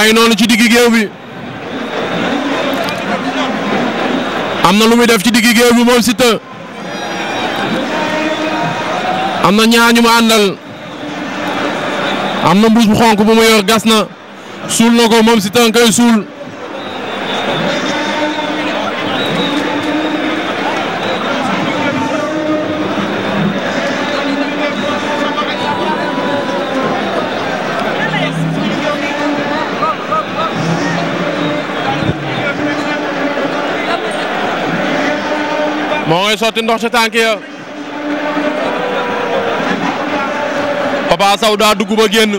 yaa ngi noonu ci diggi géew bi am na lu muy def ci diggi géew bi moom Siteu am na ñaar ñu mu àndal am na mbuus bu xonk bu mu yor gas na suul na ko moom Siteu nga koy suul. ngay sotti ndox ci tànk ya Papa Sow daa dugg ba génn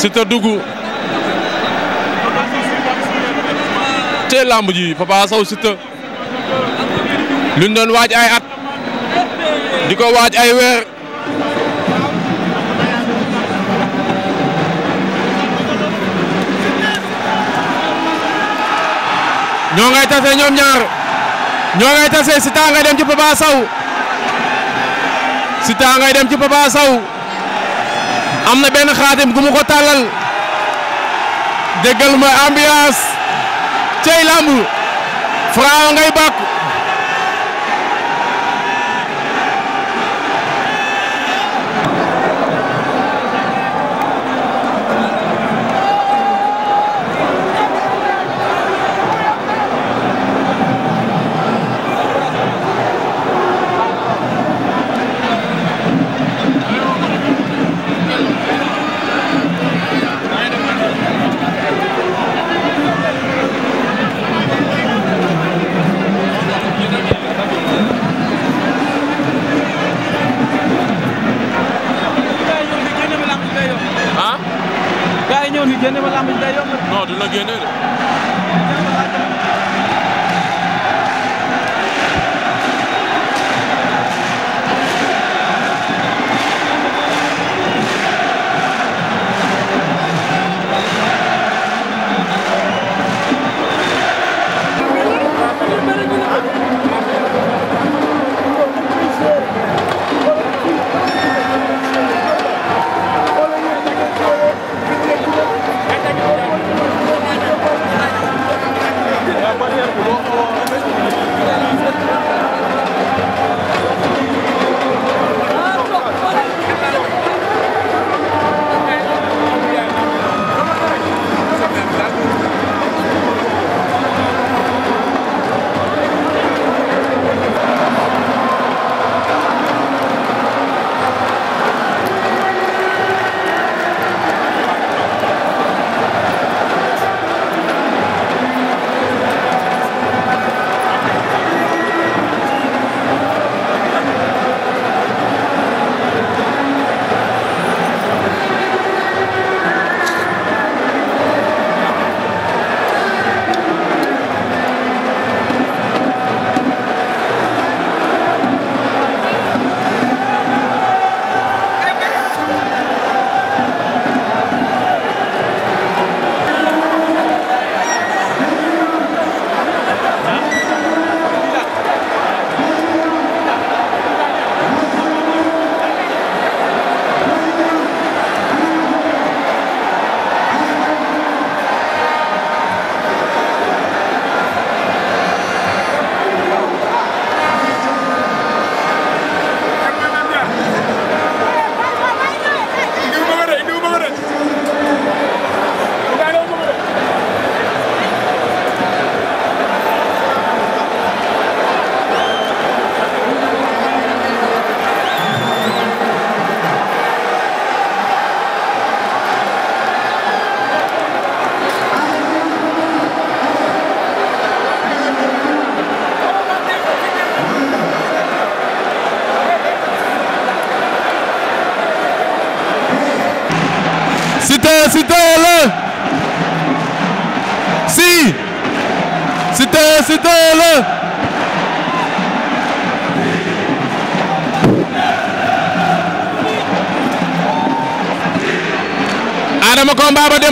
Siteu dugg te làmb ji Papa saw Siteu luñ doon waaj ay at di ko waaj ay weer ñoo ngay tase ñoom ñaar ñoo ngay tase Siteu ngay dem ci Papa Sow Siteu ngay dem ci Papa Sow am na benn xaatim gu mu ko tàllal déggal ma ambiance cey lamb Franc ngay bàkk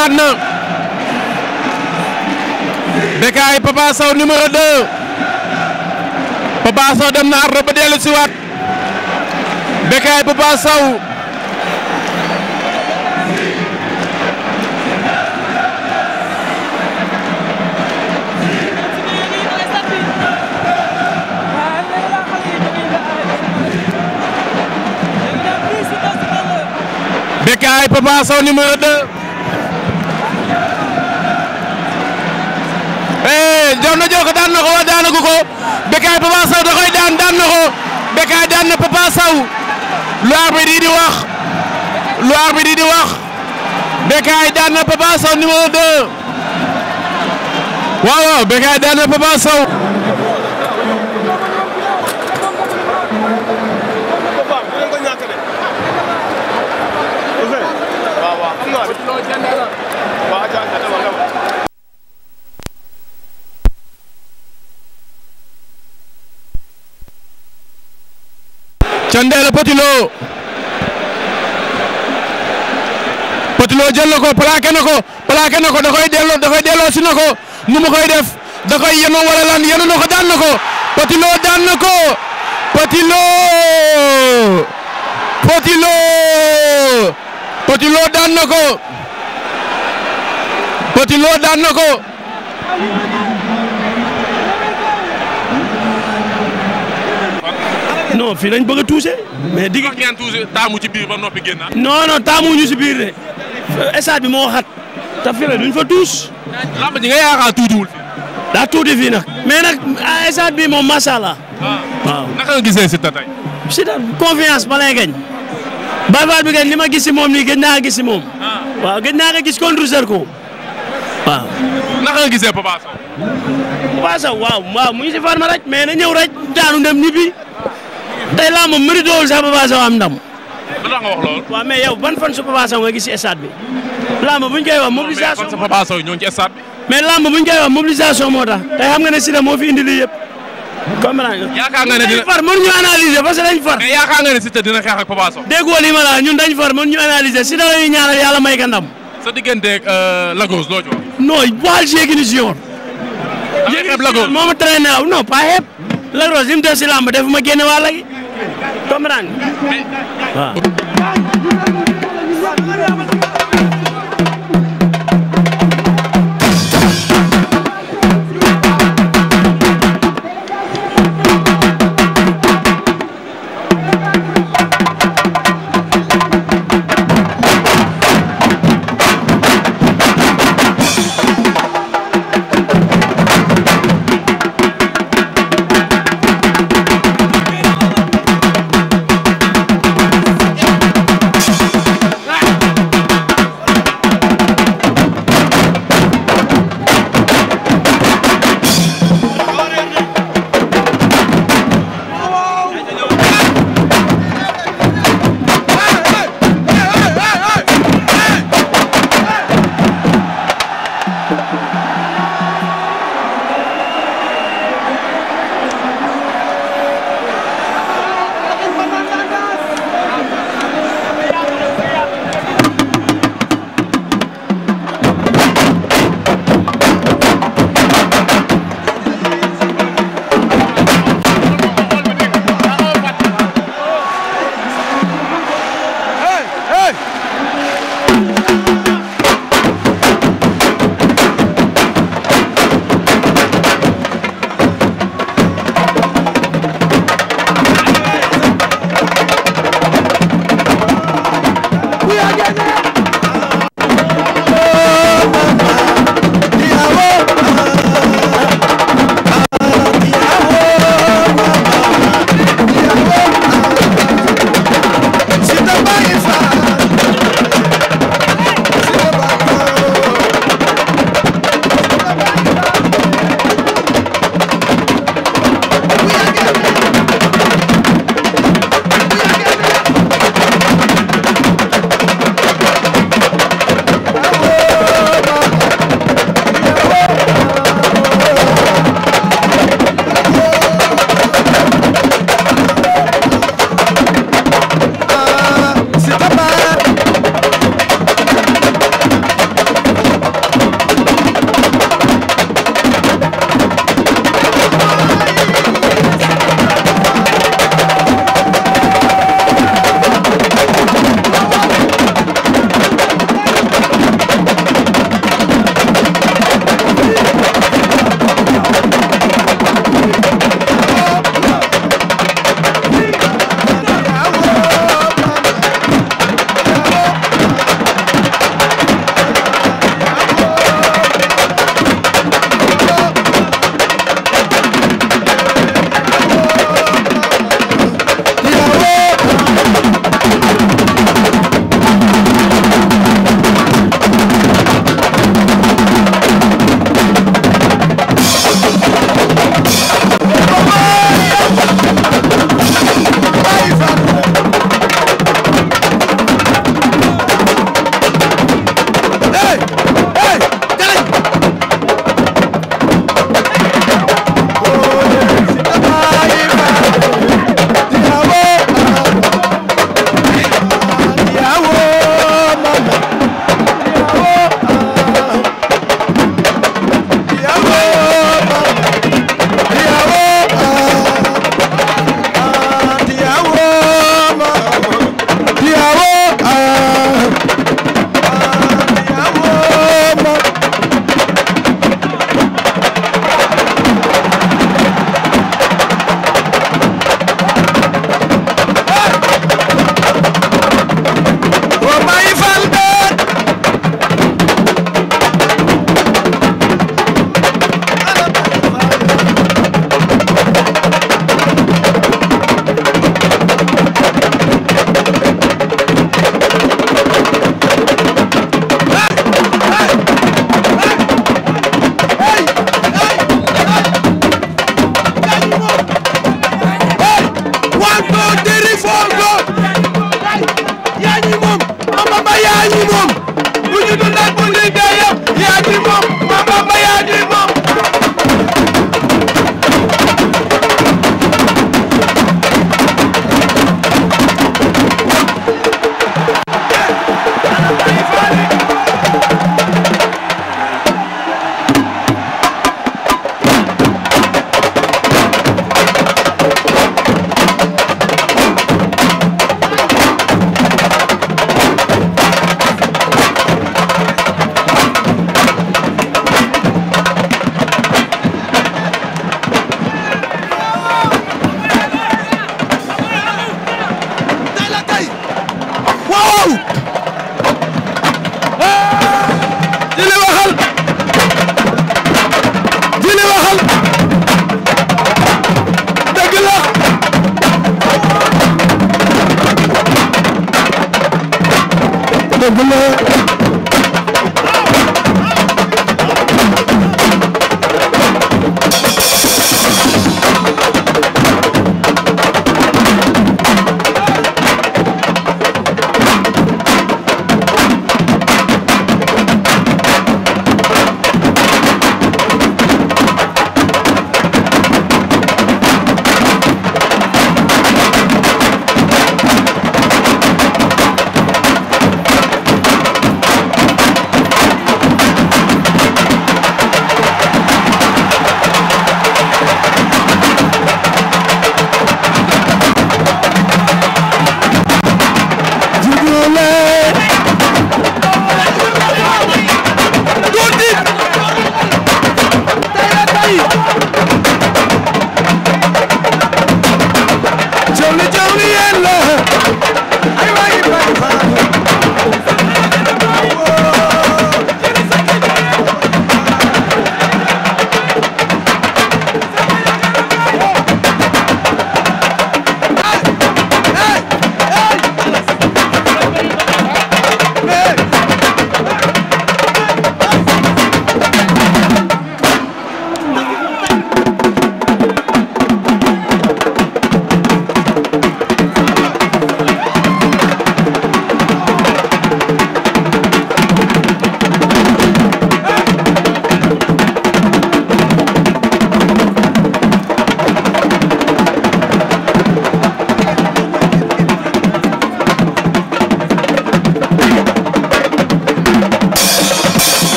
génnaat na Bécaye Papa Sow numéro dem na ba dellu si waat Bécaye Papa Sow Bécaye Papa Sow numéro 2 daw na jël ko waa daanagu ko Bécaye Papa Sow da koy daan daan na ko daan na Papa lu arbitre wax lu arbitre bi di wax daan na Papa Sow numéro 2 waaw waaw Bécaye daan na Papa ca Ndella Petit Lo jël na ko plaqué na ko plaqué na ko da koy delloo na ko nu mu koy def da koy yeno wala lan na ko daan na ko Petit daan na ko Petit Lo daan na ko Petit daan na ko non fii lañ bëgg a touché. mais digg ngeen touché taamu ci biir ba noppi génnaat. Ah? non non taamu ñu si biir de. stade bi moo xat. te fii duñ fa touche. lamb ji nga yaakaar tuutiwul. daa tuuti fii nag. mais nag ah, stade bi moom macha allah. Ah. waaw naka nga gisee Siteu tey. Siteu confiance ba lay gañ. barbaar bi gañ li ma gis si moom nii gëj naa gis si moom. waaw gëj naa nga gis contre ko waaw. naka nga gisee Papa waaw mu ngi si farma rek mais na ñëw rek daanu dem ñibbi. tey làmb mérite wul sax Papa Sow am ndam. da nga wax ban fan su Papa gis ci bi. làmb buñ koy wax mobilisation. mais fan su Papa Sow ñoo ngi ci stade bi. mais làmb buñ koy moo tax tey xam nga ne Siteu moo fi indi lii yëpp. comprendre nga. yaakaar la ñun dañ far mën ñu analyser Siteu la ñuy ñaanal yàlla may ka sa digganteeg euh, Lagos loo ci wax. si yéegi si yoon. yéegi ni si yoon moom traîner non pas xeeb. Lagos mu def si làmb def ma waa lagi comprendre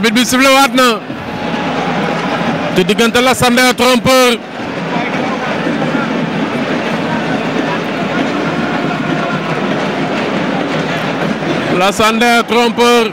arbitre bi sifflé waat na te diggante la Sandé ak Trompeur la Sandé ak Trompeur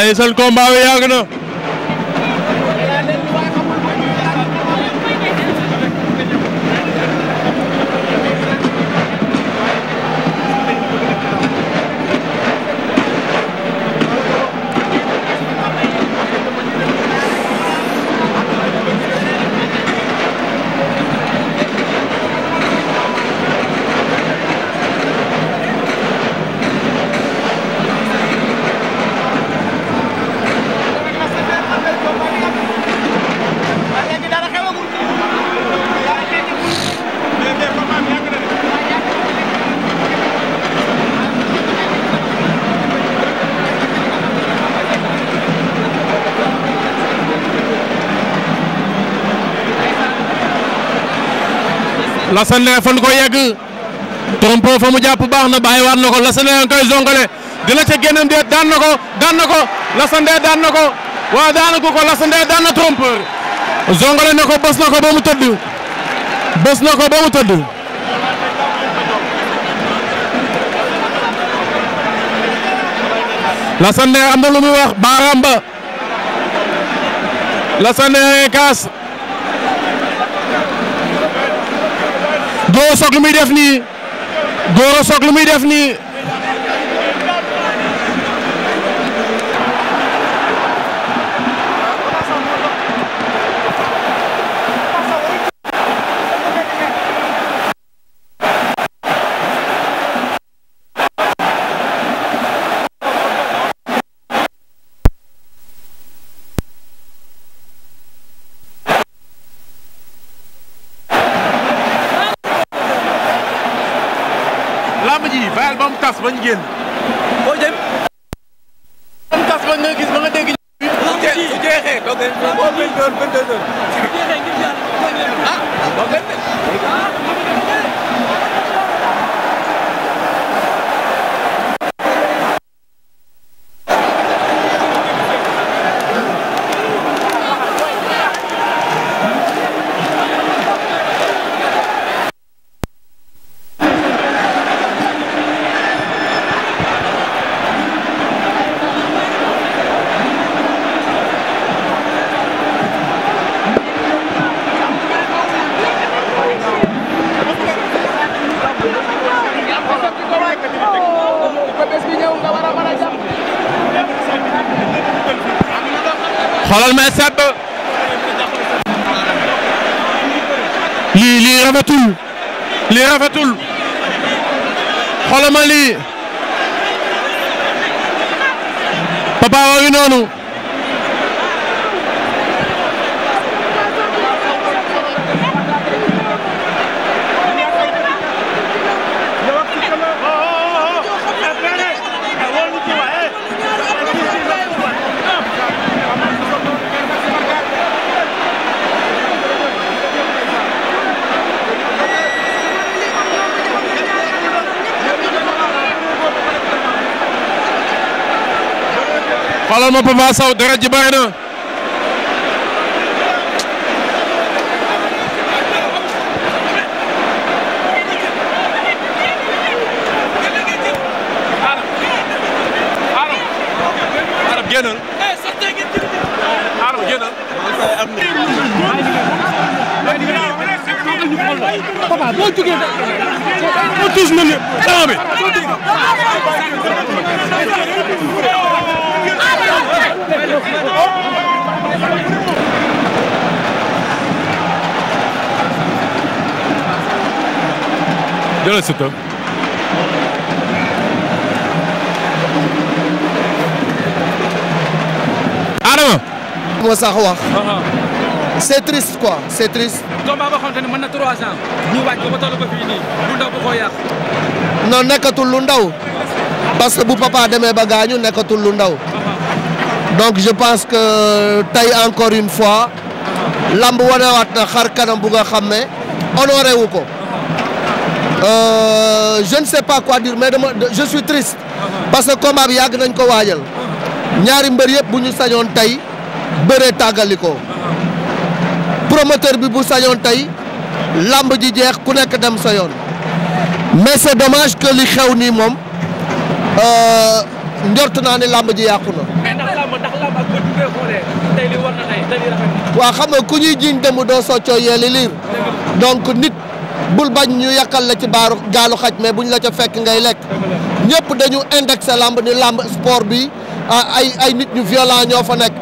xale yi seen combat bi yàgg na Lassane ne fan ko yegg trompo fa mu jàpp baax na bàyyiwaat na ko Lassane ne koy zongale dina ca génnam déet daan na ko daan na ko Lassane daan na ko waaw daanagu ko Lassane daan na trompeur zongale na ko bës na ko ba mu tëdd bës na ko ba mu tëdd Lassane am na lu muy wax baaraam ba kaas Gora Sock lu muy def nii Gora Sock lu muy def nii génn boo jëm. ban tas ba nga gis ba nga dégg. bu jeexee bu jeexee donc. boo mel noonu rafetul xoolal ma lii ma Papa Sow dara ji bari na jëlal Siteu Adama moo sax wax ah, ah. c'est triste quoi c'est triste combat boo xamante ne mën trois ans ñu wàcc ba toll ba fii lu ndaw bu ko yàq non nekkatul lu ndaw parce que bu papa demee ba gaañu nekkatul lu ndaw ah, donc je pense que tey encore une fois lamb wanewaat na xar kanam bu nga xam ne honoré wu ko Euh, je ne sais pas quoi dire mais dama je suis triste parce que combat bi yàgg nañ ko waajal ñaari mbër yëpp bu ñu sañoon tey bëree tàggalikoo promoteur bi bu sañoon tey làmb ji jeex ku nekk dem sa yoon mais c'est dommage que xew nii moom euh, njort naa ne làmb ji yàqu na. mais na xam nga ku ñuy jiiñ dem doo soccoo yee liir donc nit. bul bañ ñu yàkkal la ci baaru gaalu xaj mais bu ñu la ca fekk ngay lekk ñëpp dañu indexé lamb ni lamb sport bi ay ay nit ñu violent ñoo fa nekk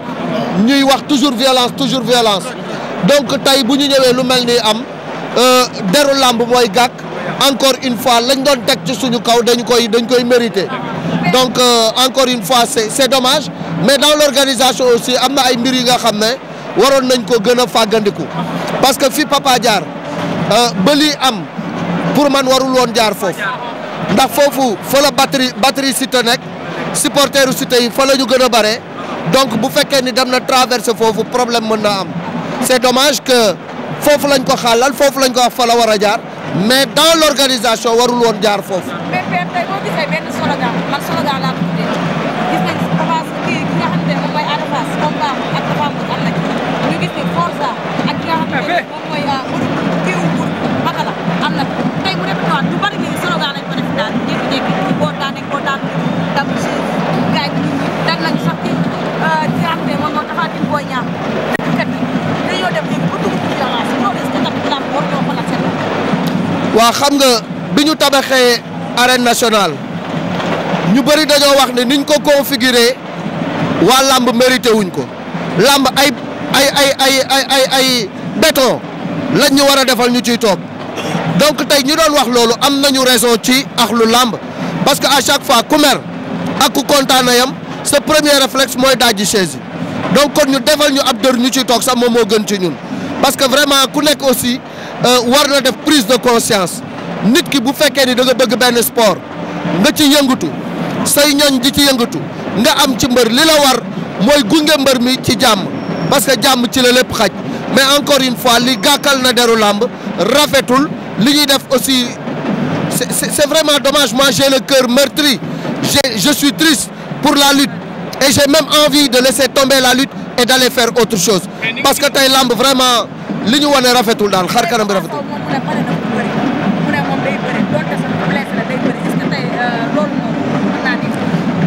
ñuy wax toujours violence toujours violence donc tey bu ñu ñëwee lu mel ni am euh, deru làmb mooy gàkk encore une fois lañ doon teg ci suñu kaw dañ koy dañ koy mérité donc euh, encore une fois c'est c'est mais dans l'organisation aussi am na ay mbir yi nga xam ne waroon nañ ko gën a fàggandiku parce que fi Papa jaar Euh, ba lii am pour man warul woon jaar foofu ndax foofu fa la batterie batterie Siteu nekk supporteru Siteu yi fa la ñu gën a bare donc bu fekkee ni dem na traversé foofu problème mën na am c'est domage que foofu lañ ko xàllal foofu lañ ko wax fa la war a jaar mais dans l'organisation warul woon jaar foofu. Euh, waa xam nga bi ñu tabaxee arène nationale ñu bari dañoo wax ne niñ ko configuré waa làmb mérité ko lamb ay ay ay ay ay ay lañ ñu war a defal ñu ciy toog donc tey ñu doon wax loolu am nañu raison ci axlu làmb parce que à chaque fois ku mer ak ku kontaan na yam sa premier réflexe mooy dajji chaise yi donc kon ñu defal ñu ab dër ñu ciy toog sax moom moo gën ci ñun parce que vraiment ku nekk aussi euh, war na def prise de conscience nit ki bu fekkee ni da nga bëgg benn sport nga ci yëngatu say ñañ di ci yëngatu nga am ci mbër li la war mooy gunge mbër mi ci jàmm parce que jàmm ci la lépp xaj mais encore une fois li gàkkal na deru làmb rafetul li ñuy def aussi c'est vraiment dommage. Moi, j'ai le cœur meurtri. Je suis triste pour la lutte. Et j'ai même envie de laisser tomber la lutte et d'aller faire autre chose. Parce que tey lamb vraiment li ñu wane rafetul daal xar kanam bi rafetul. Euh,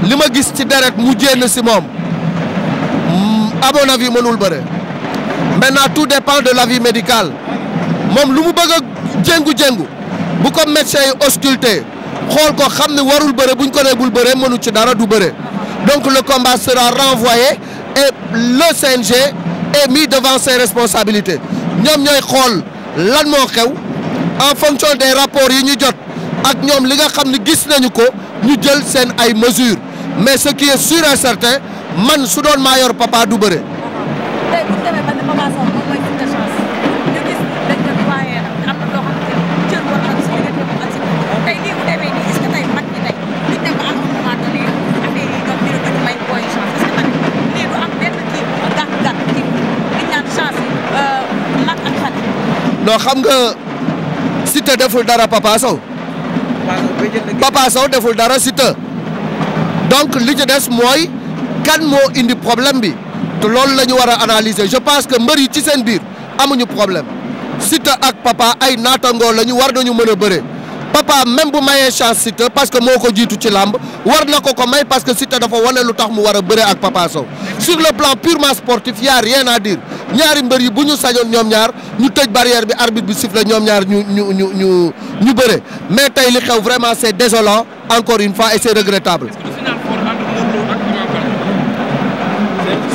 li ma gis ci deret mu jénn si moom mm, à mon avis mënul bëre maintenant tout dépend de l'avis médical moom lu mu bëgg a jéngu-jéngu bu ko médecin yi ausculté xool ko xam ne warul bëre bu ñu ko nee bul mënu ci dara du bëre donc le combat sera renvoyé et le CNG est mis devant ses responsabilités ñoom ñooy xool lan moo xew en fonction des rapports yi ñu jot ak ñoom li nga xam ni gis nañu ko ñu jël seen ay mesures mais ce qui est sûr et certain man su doon maa yor papa du bëre. non xam nga Siteu deful dara Papa Sow. Papa Sow deful dara sita donc li ci des mooy kan moo indi problème bi te loolu la ñu war a analyser je pense que mbër yi ci seen biir amuñu problème Siteu ak Papa ay naatangoo la ñu war nañu mën a bëre Papa même bu mayee chance Siteu parce que moo ko jiitu ci làmb war na ko ko may parce que Siteu dafa wane lu tax mu war a bëre ak Papa Sow sur le plan purement sportif y a rien à dire. ñaari mbër yi bu ñu sañoon ñoom ñaar ñu tëj barrière bi arbitre bi siffle ñoom ñaar ñu ñu ñu ñu ñu bëre mais tey li xew vraiment c'est désolant encore une fois et c'est regrettable.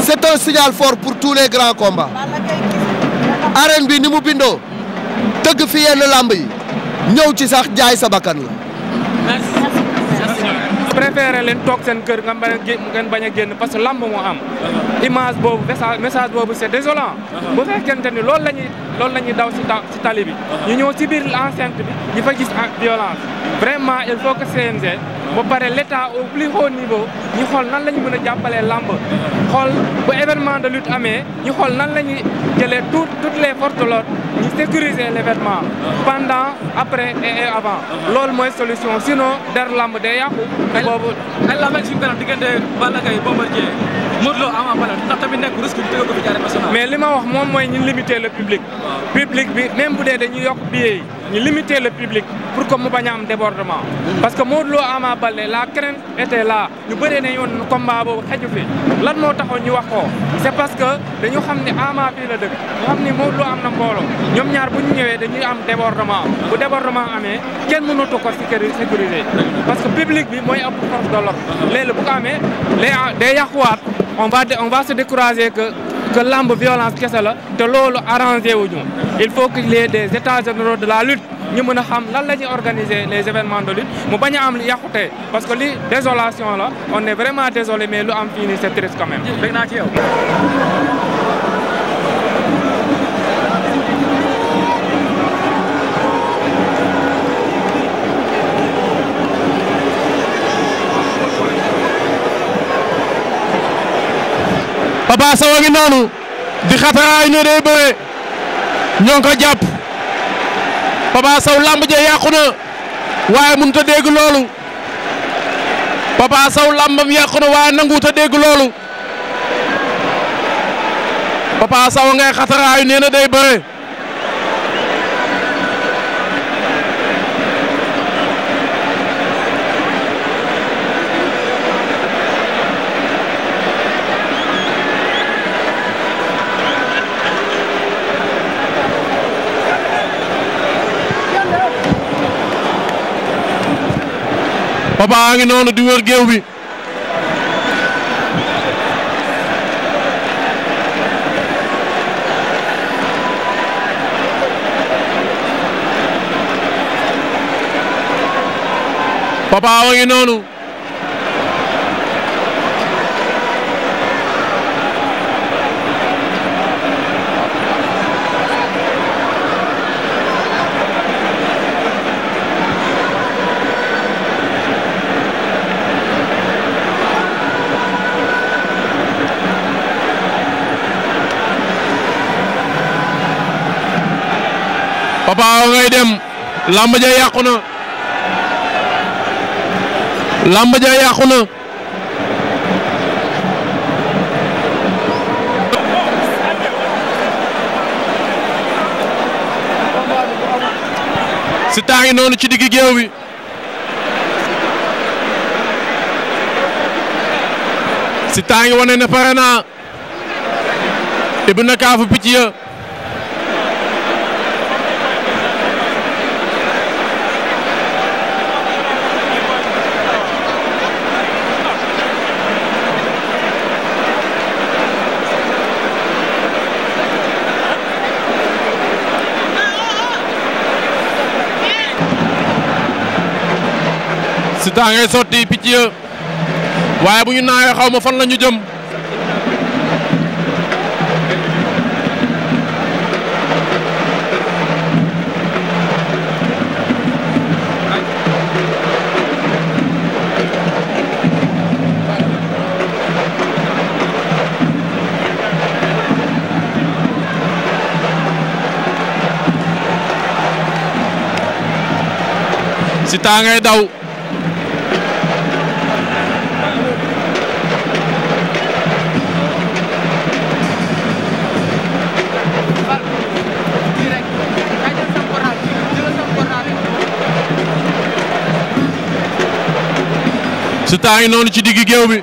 c'est un signal fort pour tous les grands combats. arène bi ni mu bindoo tëgg fi yenn làmb yi ñëw ci sax jaay sa bakkan la. préféré leen toog seen kër nga bañ a ngeen bañ a génn parce que lamb am. Uh-huh. image boobu message boobu c' est désolant. Uh-huh. bu fekkente ni loolu la ñuy loolu la ñuy daw si ta si tali bi. Uh-huh. ñu ñëw si biir enceinte bi ñu fa gis vraiment il faut que CNG. ba pare l' état au plus haut ñu xool nan la ñu mën a jàppalee lamb. xool bu événement de lutte amee ñi xool nan la ñuy jëlee tout toutes les forces de sécuriser l'événement pendant après et avant loolu mooy solution sinon der lamb day yàqu. boobu ay lamb ak suñu kanam diggante Balla Gaye Bombardier Modou Lo Ama Baldé ndax tamit nekk mais li ma wax moom mooy ñu limiter le public. public bi même bu dee dañuy yokk billets yi. ñu limiter le public pour que mu bañ a am débordement. Hmm. parce que Modou Lo Ama Baldé la crainte était là ñu bëree ne yoon combat boobu xeju fi lan moo taxoon ñu wax ko est parce que dañu xam ni Ama fii la dëkk ñu xam ne Modou Lo am na mbooloo ñoom ñaar bu ñu ñëwee dañuy am débordement bu débordement amee kenn mënatu ko sécuriser parce que public bi mooy ab force on va on va se décourager que que lamb violence kese la te loolu arrangé wuñu il faut qu'il y des états généraux de la lutte ñu mën a xam lan la ñuy organiser les événements de lutte mu bañ a am li yàqute parce que li désolation la on est vraiment désolé mais lu am fii nii c'est quand même. naa ci yow. Papa Sow a ngi noonu di xataraay ne day bëre ñoo ko jàpp Papa làmb lamb ja yàqu waaye mënut a dégg loolu Papa Sow lambam na waaye nanguut a dégg loolu Papa Sow ngay xataraayu nee na day bëre. Papa a ngi noonu di wër géew bi Papa a ngi làmb ja yàqu na làmb ja yàqu na Siteu noonu ci digg géew bi Siteu ngi wane ne pare naa Ibou Nakafu picc ya Siteu ngay sotti picc ya waaye bu ñu naawee xaw ma fan lañu jëm. Siteu daw. Siteu ngi noonu ci diggi géew bi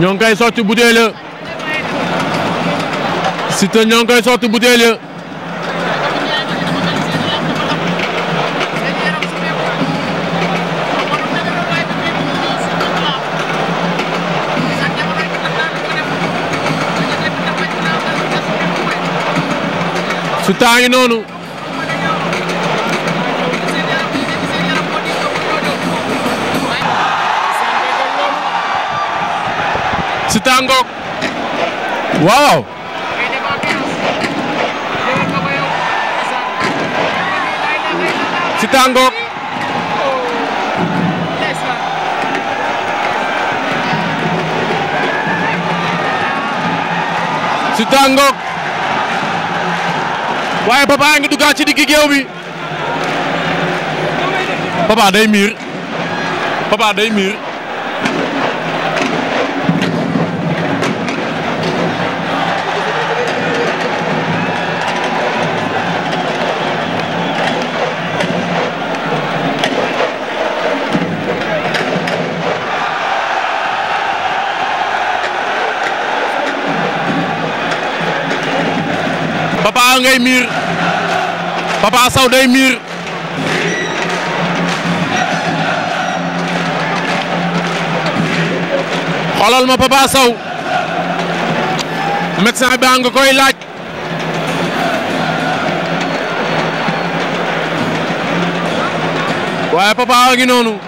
ñoo koy sotti butéel ya ñoo ngi koy sotti butéel ya su taangi noonu su tàngook waaye Papa a ngi duggaat ci digg géew bi Papa day miir Papa day miir. Papa ngay miir Papa Sow day miir xoolal ma Papa Sow médecin bi nga koy laaj waaye Papa a ngi noonu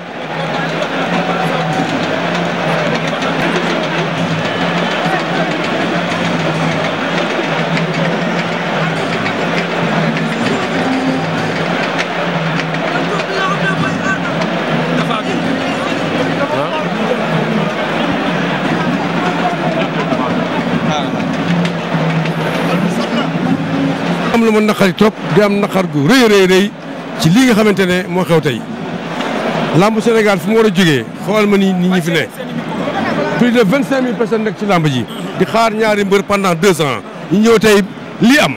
am lu ma naqari trop di am naqar gu rëy rëy rëy ci lii nga xamante ne moo xew tey lamb Sénégal fu mu war a jógee xoolal ma ni nit ñi ne plus de vingt cinq mille personnes nekk ci lamb ji di xaar ñaari mbër pendant deux ans ñu ñëw tey lii am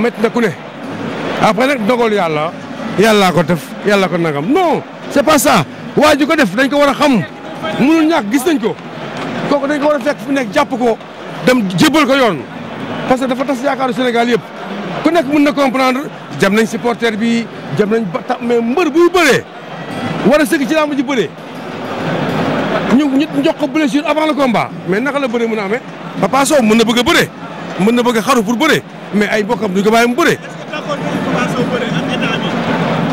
métti na ku ne après nag dogal yàlla yàllaa ko def yàlla ko nangam non c'est pas ça waa ji ko def dañ ko war a xam mënul ñàkk gis nañ ko kooku dañ ko war a fekk fu nekk jàpp ko dem jébbal ko yoon parce que dafa tas yaakaaru Sénégal yëpp ku nekk mën na comprendre jam nañ supporter bi jam nañ ba tax mais mbër buy bëree war a sëgg ci làmb ji bëree ñu ñu jox ko blessure avant le combat mais naka la bëree mën a amee Papa mën na bëgg a bëree mën na bëgg a xaru pour bëree mais ay mbokkam duñ ko bàyyi mu bëree.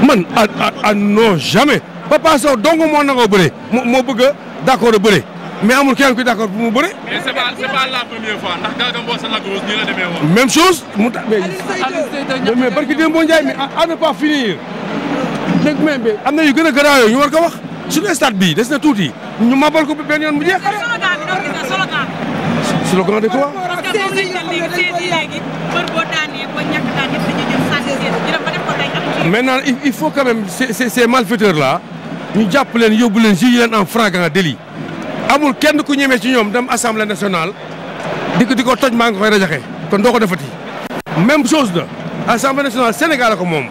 man ah ah non jamais Papa Sow dong moo nangoo bëree moo bëgg a d' accord a bëree mais amul kenn ku d'accord bu mu bëre. mais c'est pas c'est pas la première mu tax mais. mais barki Demba Ndiaye mais à ne pas finir. léegi même bi am na yu gën a garaaw yooyu ñu war ko wax suñu stade bi des na tuuti ñu mabal ko benn yoon bu jeex. slogan de quoi. parce que moom lañ leen di ñu il faut quand même ces ces ñu jàpp leen yóbbu leen juge en flagrant deli amul kenn ku ñemee ci ñoom dem assemblée nationale di ko di ko toj maa ngi koy rajaxe kon doo ko defati même chose la assemblée nationale Sénégal ko moom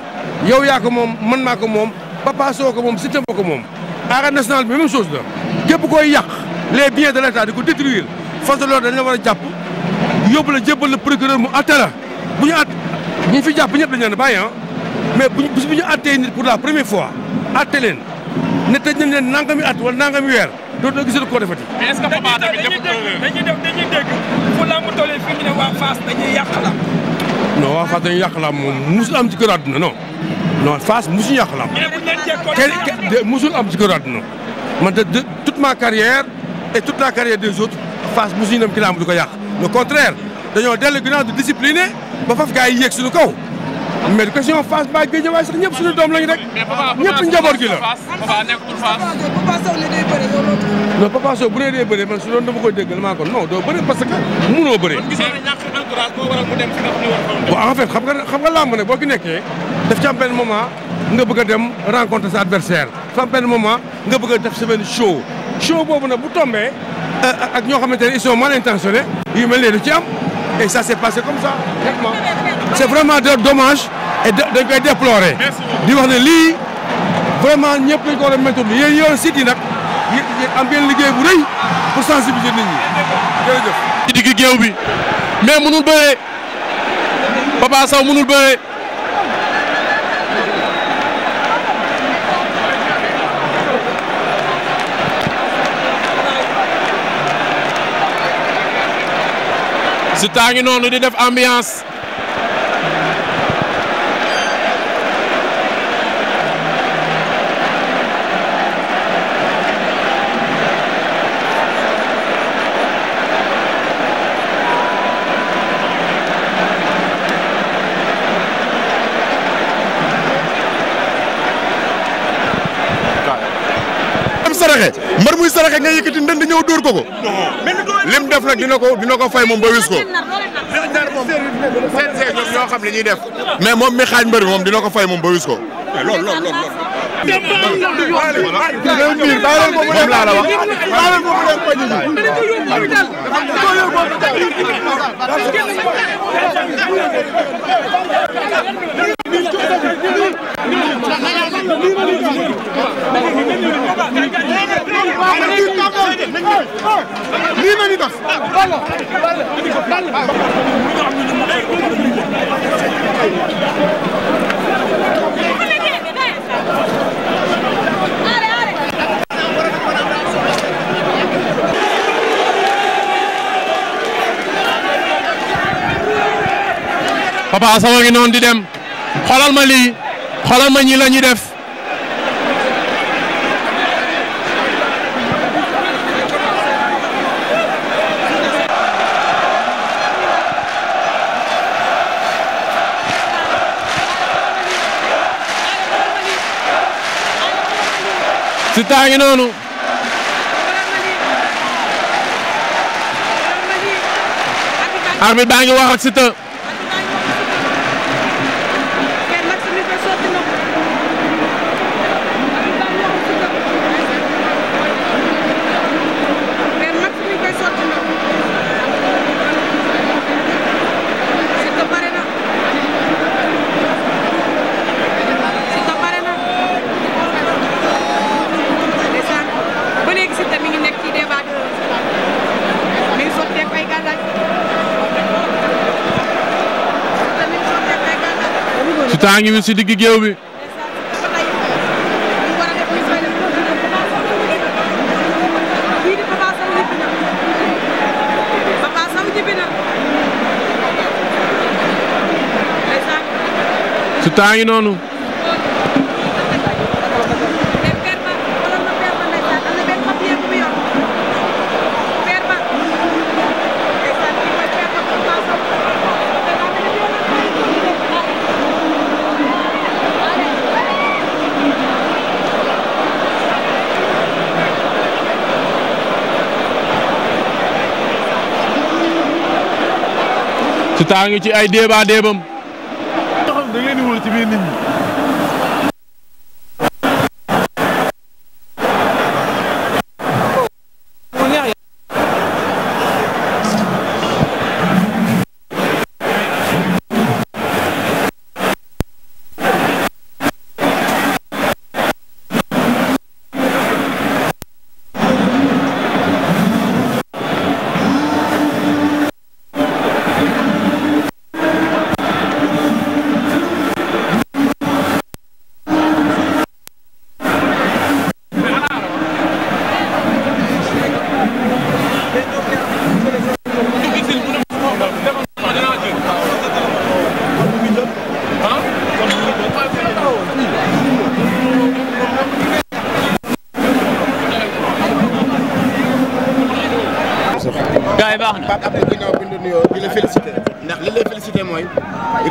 yow yaa ko moom man maa ko moom Papa ko moom Siteu moo ko moom. arène nationale bi même chose la képp koy yàq les biens de l' état di ko détruire force de l'ordre dañ la war a jàpp yóbbu la jébbal la procureur mu atte la bu ñu at ñu fi jàpp ñëpp dañu leen a ah. mais bu ñu bu ñu attee nit pour la première fois atte leen ne te nañ leen nangami at wala nangami weer. dootoo gisul koo defati. mais est-ce que papa dégg dañuy dégg fu làmb fi mu ne waa Fass dañuy yàq làmb. waa Fass dañuy yàq moom musul am ci kër àdduna non non Fass musuñu yàq làmb. mais musul am ci kër àdduna man de toute ma carrière et toute la carrière des autres Fass musuñu dem ci du ko yàq. le dañoo dellu ginnaaw di discipliné ba faf gars yi yéeg suñu kaw. mais question Fass ba Guédiawaye sax ñëpp suñu doom lañu rek. ñëpp njaboot gi la. Papa nekkul Fass. ne day bëri yow loolu. non Papa Sow bu dee dee bëree man su doon dama koy déggal maa ko non doo bëri parce que munoo bëri. kon gisee ñàkk boo waral mu dem fi nga xam ne xam nga xam nga boo ki nekkee daf ci am benn moment nga bëgg a dem rencontrer sa adversaire dafa am moment nga bëgg a def sa benn show show boobu nag bu tombee ak ñoo xamante ne ils sont mal intentionnés yu mel ne du ci am et ça s'est passé comme sa c'est vraiment dommage et dañ koy di wax ne lii vraiment ñëpp dañ ko war a météo bi yéen nag am liggéey bu rëy pour sensibiliser nit ñi jërëjëf. ci digg géew bi mais mënul bëree Papa Sow mënul bëree. Siteu noonu di def ambiance. saraxe nga yëkkati ndënd ñëw dóor ko ko. lim def nag dina ko dina ko fay moom ba wis ko. seen ñoom ñoo xam li ñuy def. mais moom mi xaañ mbëri moom dina ko fay moom ba wis lii la ñuy def dem xoolal ma lii xoolal ma ñii la Siteu a ngi noonu arbitre baa ngi wax ak Siteu baa ngi wis si digg géew bi su taa ngi noonu Tata ngi ci ay déeba déebam. da ngeen di wër ci biir nit ñi.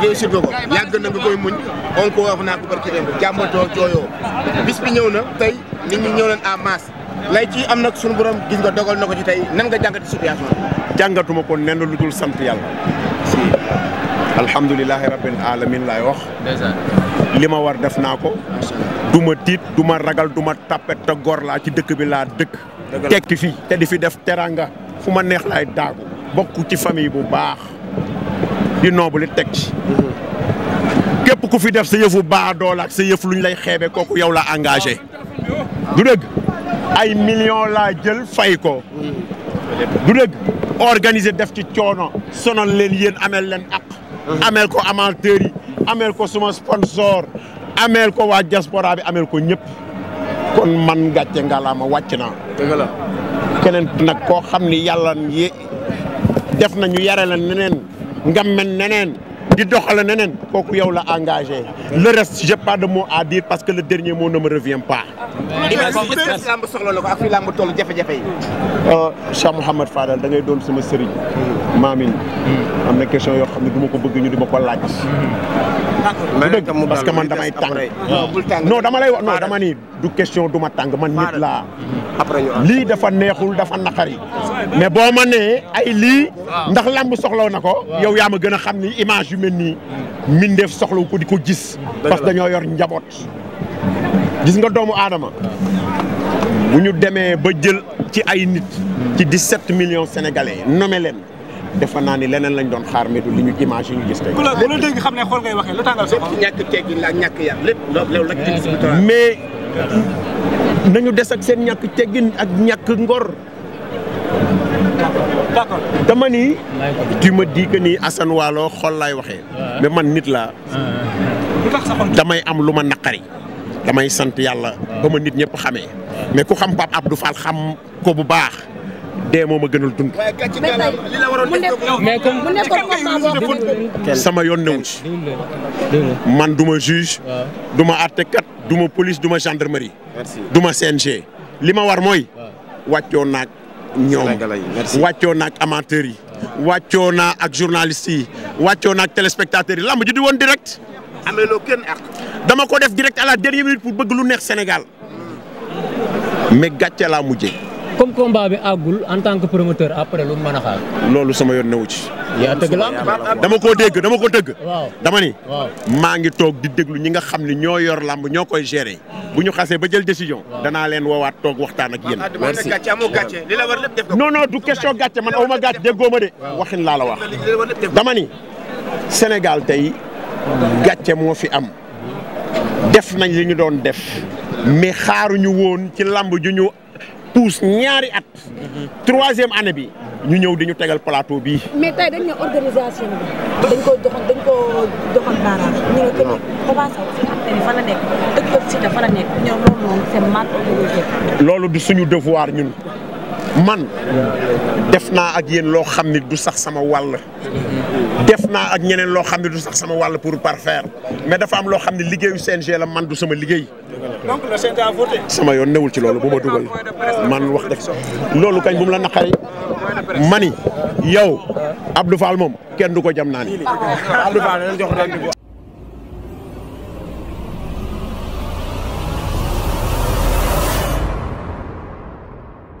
réussir nga ko yàgg na nga koy on ko naa ko barki na tey nit ñi lay ci am nag suñu borom gis nga dogal na ko ci tey nan nga jàngati jàngatuma ko nenn lu jul sant yàlla alhamdulilahi rabbil alamin laay wax li ma war def naa ko du ma tiit duma ragal du ma tappet te gor laa ci dëkk bi laa dëkk tekki fii te di fi def teraanga fu ma neex laay daagu bokk ci famille bu baax di noobul it teg ci. képp ku fi def sa yëfu baadoola ak sa yëf luñ lay xeebe kooku yow la engagé. du dëgg ay millions laa jël fay ko. du dëgg organiser def ci coono sonal leen yéen ameel leen ak. ameel ko amateur ameel ko suma sponsor ameel ko waa diaspora bi ameel ko ñëpp kon man gàcce ngalaama wàcc naa. dëgg la keneen nag koo xam ni yàlla def nañu yare la neneen nga mel neneen di doxale neneen kooku yow la engagé le reste j'ai pas de mot à dire parce que le dernier mot ne me revient pas. lamb soxla na ko ak fii lamb toll jafe-jafe yi. Euh, Cheikh Mouhamed Fadal da ngay doon sama sëriñ. maamin hmm. am na question yoo xam ne du ma ko bëgg ñu di ma ko laaj. Hmm. d'accord parce que man damay tàng. non dama lay wax non dama ni du question du ma tàng man nit laa. Hmm. après lii dafa neexul dafa naqari. mais boo ma nee ay lii. ndax lamb soxlaw na ko. yow yaa ma gën a xam ni image yu mel nii. mbindeef soxlaw ko di ko gis. parce que dañoo yor njaboot. gis nga doomu aadama. bu ñu demee ba jël ci ay nit. ci 17 millions sénégalais nommé leen. defe naa ni leneen lañ doon xaar métu li ñu image yi ñu gis tey. ku la dégg xam ne xool ngay waxee lu tàngal mais nañu des ak seen ñàkk teggin ak ñàkk ngor. d'accord dama ni. tu me Waalo xol laay waxee. mais man nit laa. damay am lu ma naqari. damay sant yàlla. ba ma nit ñëpp xamee. mais ku xam Pape Abdou Fall xam ko bu baax. dee moom a gënal dund. mais comme sama yoon newu man du ma juge. du ma àttekat du ma police du ma gendarmerie. du ma CNG. li ma war mooy. wàccoo naag ñoom wàccoo naag amateurs yi. wàccoo naa ak journalistes yi. wàccoo naag téléspectateurs yi lamb ji di woon direct. amee dama ko def direct à la dernière minute pour bëgg lu neex Sénégal. mais gàcce laa mujjee. comme combat bi àggul en tant que promoteur après lu mën a xaar. loolu sama yoon newu ci. yaa tëgg la dama koo dégg dama ko dégg. waaw dama ni. maa ngi toog di déglu ñi nga xam ni ñoo yor làmb ñoo koy gére bu ñu xasee ba jël décision. danaa leen woowaat toog waxtaan ak yéen. merci li la war lépp def ko. non non du gàcce man aw ma gàcce déggoo ma de. waxin laa la wax. dama ni Sénégal tey gàcce moo fi am. def nañ li ñu doon def. mais xaaruñu woon ci làmb ju ñu pousse ñaari at. troisième année bi. ñu ñëw dañu tegal plateau bii. mais tey dañ ne organisation bi. loolu du suñu devoir ñun man def naa ak yéen loo xam ni du sax sama wàll. def naa ak ñeneen loo xam ne du sax sama wàll pour parfaire mais dafa am loo xam ne liggéeyu CNG la man du sama liggéey. sama yoon newul ci loolu bu ma dugal man wax def loolu kañ bu mu la naqari mani yow Abdou Fall moom kenn du ko jam naa ni.